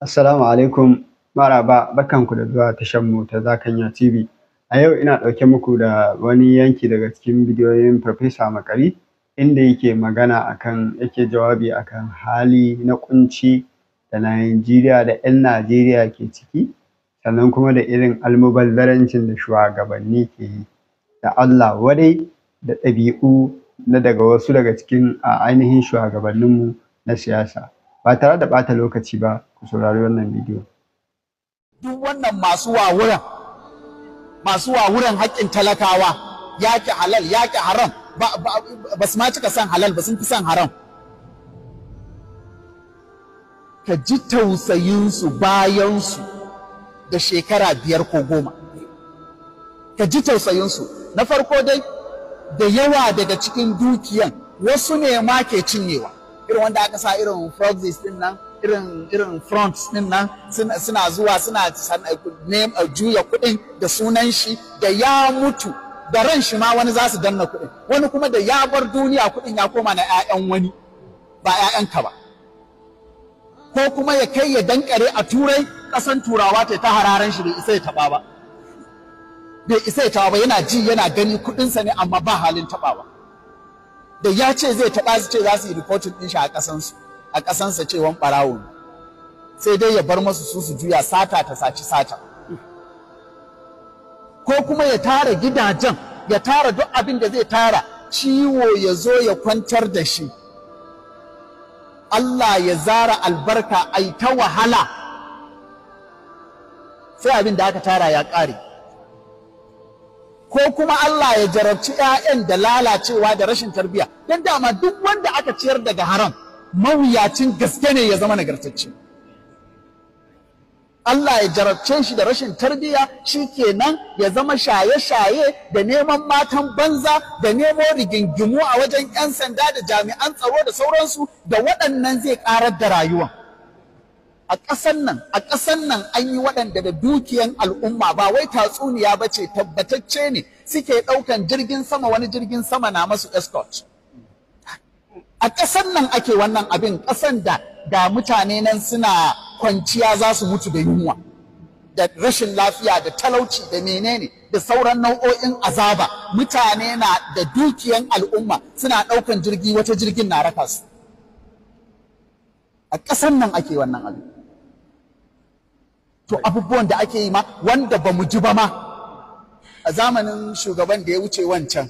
Assalamu alaikum maraba barkanku da zuwa tashanmu ta Zakanya TV a yau ina ɗauke muku da wani yanki daga cikin bidiyoyin Farfesa Makari inda yake magana akan yake jawabi akan hali na ƙunci da Najeriya da 'yan Najeriya ke ciki sannan kuma da irin almubazzarancin da shugabanni ke yi da Allah wadai da ɗabi'u na daga wasu daga cikin a ainihin shugabanninmu na siyasa ba tare da ɓata lokaci ba ku saurari wannan bidiyo duk wannan masu wawuran masu wawuran haƙƙin talakawa ya yaƙi halal ya yaƙi haram ba su ma cika san halal ba sun fi san haram ka ji tausayinsu bayansu da shekara biyar ko goma ka ji tausayinsu na farko dai da yawa daga cikin dukiyan wasu ne ma ke cinyewa irin wanda aka sa irin frogs din nan irin irin front din nan suna zuwa suna juya kuɗin da sunan shi da ya mutu da ran shi ma wani za su danna kuɗin wani kuma da ya bar duniya kuɗin ya koma na 'ya'yan wani ba 'ya'yanka ba ko kuma ya kai ya dankare a turai ƙasan turawa ta ta hararen shi bai isa ya taɓa ba bai isa ya ba yana ji yana gani kuɗinsa ne amma ba halin taɓawa da ya ce zai taɓa su ce za su yi rikotin ɗin shi a ƙasansu a ƙasansa cewan ɓarawo sai dai ya bar masu su su juya sata ta saci sata ko kuma ya tara gidajen ya tara duk abin da zai tara ciwo ya zo ya kwantar da shi Allah ya zara albarka ai ta wahala sai abin da aka tara ya ƙare ko kuma Allah ya jarabci 'ya'yan da lalacewa da rashin tarbiyya don dama duk wanda aka ciyar daga haram mawuyacin gaske ne ya zama nagartacce Allah ya jarabce shi da rashin tarbiyya shi kenan ya zama shaye-shaye da neman matan banza da nemo rigingimu a wajen 'yan sanda da jami'an tsaro da sauransu da waɗannan zai ƙarar da rayuwa. A ƙasan nan, a ƙasan nan an yi waɗanda da dukiyan al'umma ba wai tatsuniya ba ce tabbatacce ne suke ɗaukan jirgin sama wani jirgin sama na masu escort. a ƙasan nan ake wannan abin ƙasan da ga mutane nan suna kwanciya za su mutu da yunwa da rashin lafiya da talauci da menene da sauran nau'o'in azaba mutane na da dukiyan al'umma suna ɗaukan jirgi wata jirgin na raka su a ƙasan nan ake wannan abin to abubuwan da ake yi ma wanda ba mu ji ba ma a zamanin shugaban da ya wuce wancan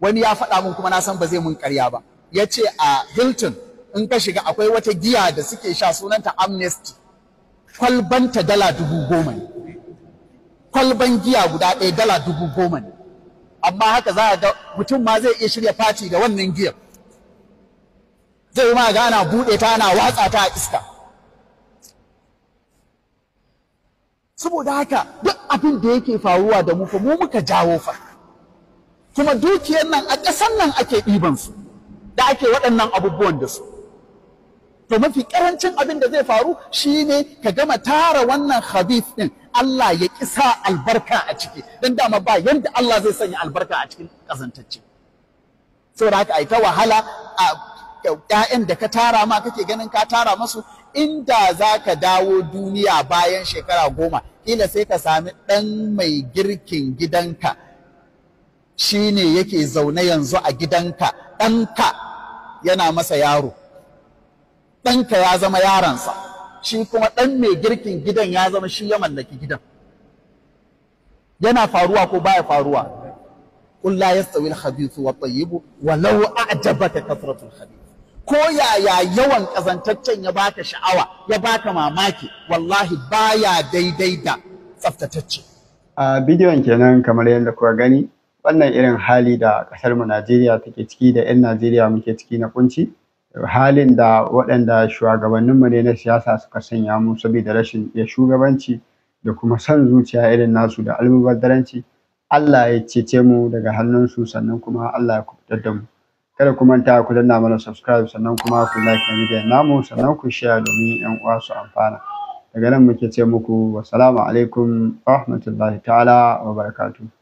wani ya faɗa mun kuma na san ba zai mun ƙarya ba ya ce a Hilton in ka shiga akwai wata giya da suke sha sunanta amnesty kwalbanta dala dubu goma ne kwalban giya guda ɗaya dala dubu goma ne amma haka za a ga mutum ma zai iya shirya fati da wannan giyar zai ma ga buɗe ta ana watsa ta a iska saboda haka duk abin da yake faruwa da mu fa mu muka jawo fa kuma dukiyar nan a ƙasar nan ake ɗiban su da ake waɗannan abubuwan da su to mafi ƙarancin abin da zai faru shine ka gama tara wannan habib ɗin, Allah ya kisa albarka a ciki dan dama ba yadda Allah zai sanya albarka a cikin kazantacce saboda haka ai ta wahala a ƴaƴan da ka tara ma kake ganin ka tara masu inda za ka dawo duniya bayan shekara goma kila sai ka sami ɗan mai girkin gidanka shi ne yake zaune yanzu a gidanka ɗanka yana masa yaro ɗanka ya zama yaransa shi kuma ɗan mai girkin gidan ya zama shi ya mallaki gidan yana faruwa ko baya faruwa قل لا يستوي الخبيث والطيب ko yaya yawan ƙazantaccen ya baka sha'awa ya baka mamaki wallahi baya daidai da tsaftatacce a bidiyon kenan kamar yadda kuka gani wannan irin hali da ƙasar mu Najeriya take ciki da 'yan Najeriya muke ciki na kunci halin da waɗanda mu ne na siyasa suka sanya mu sabida rashin iya shugabanci da kuma san zuciya irin nasu da almubazzaranci Allah ya cece mu daga hannun su sannan kuma Allah ya kuɓutar da mu kada ku manta ku danna mana subscribe sannan kuma ku like na bidiyon namu sannan ku share domin yan uwa su amfana daga nan muke ce muku wassalamu alaikum rahmatullahi ta'ala wa barakatuh